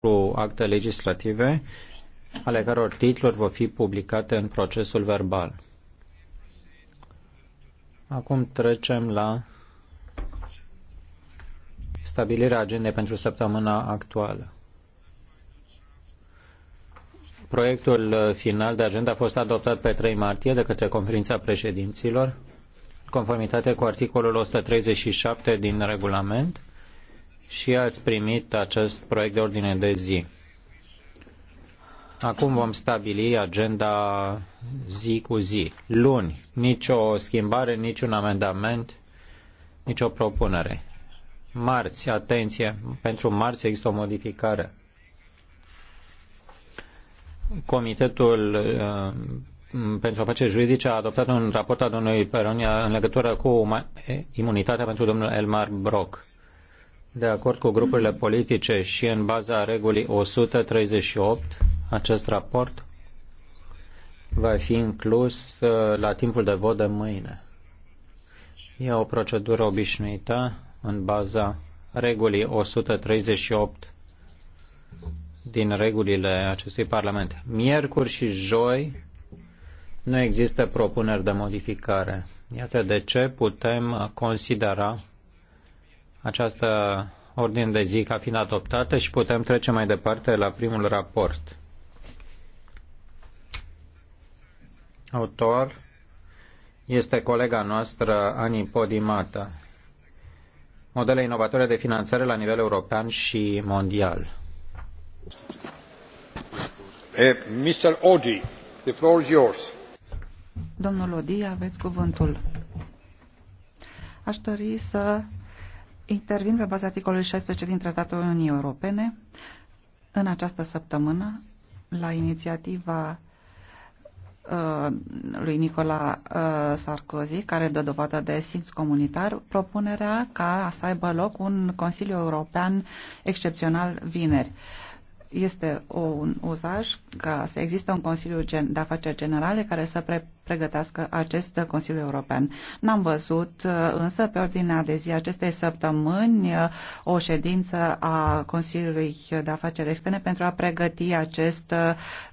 cu acte legislative ale căror titluri vor fi publicate în procesul verbal. Acum trecem la stabilirea agendei pentru săptămâna actuală. Proiectul final de agenda a fost adoptat pe 3 martie de către conferința președinților, conformitate cu articolul 137 din regulament și ați primit acest proiect de ordine de zi. Acum vom stabili agenda zi cu zi. Luni, nicio schimbare, niciun amendament, nicio propunere. Marți, atenție, pentru marți există o modificare. Comitetul uh, pentru afaceri juridice a adoptat un raport al domnului Peronia în legătură cu imunitatea pentru domnul Elmar Brock de acord cu grupurile politice și în baza regulii 138, acest raport va fi inclus uh, la timpul de vot de mâine. E o procedură obișnuită în baza regulii 138 din regulile acestui Parlament. Miercuri și joi nu există propuneri de modificare. Iată de ce putem considera această ordine de zi ca fiind adoptată și putem trece mai departe la primul raport. Autor este colega noastră Ani Podimata. Modele inovatoare de finanțare la nivel european și mondial. Mr. Odi, the floor is yours. Domnul Odi, aveți cuvântul. Aș dori să Intervin pe baza articolului 16 din Tratatul Uniunii Europene. În această săptămână, la inițiativa uh, lui Nicola uh, Sarkozy, care dă dovadă de simț comunitar, propunerea ca să aibă loc un Consiliu European excepțional vineri este o, un uzaj ca să existe un Consiliu gen, de Afaceri Generale care să pre, pregătească acest Consiliu European. N-am văzut uh, însă pe ordinea de zi acestei săptămâni uh, o ședință a Consiliului de Afaceri Externe pentru a pregăti acest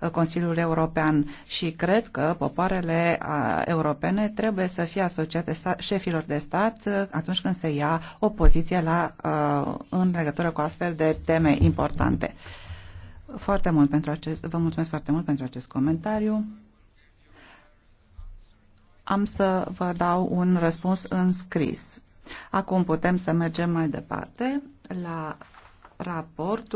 uh, Consiliu European și cred că popoarele europene trebuie să fie asociate șefilor de stat atunci când se ia o poziție la, în legătură cu astfel de teme importante foarte mult pentru acest, vă mulțumesc foarte mult pentru acest comentariu. Am să vă dau un răspuns în scris. Acum putem să mergem mai departe la raportul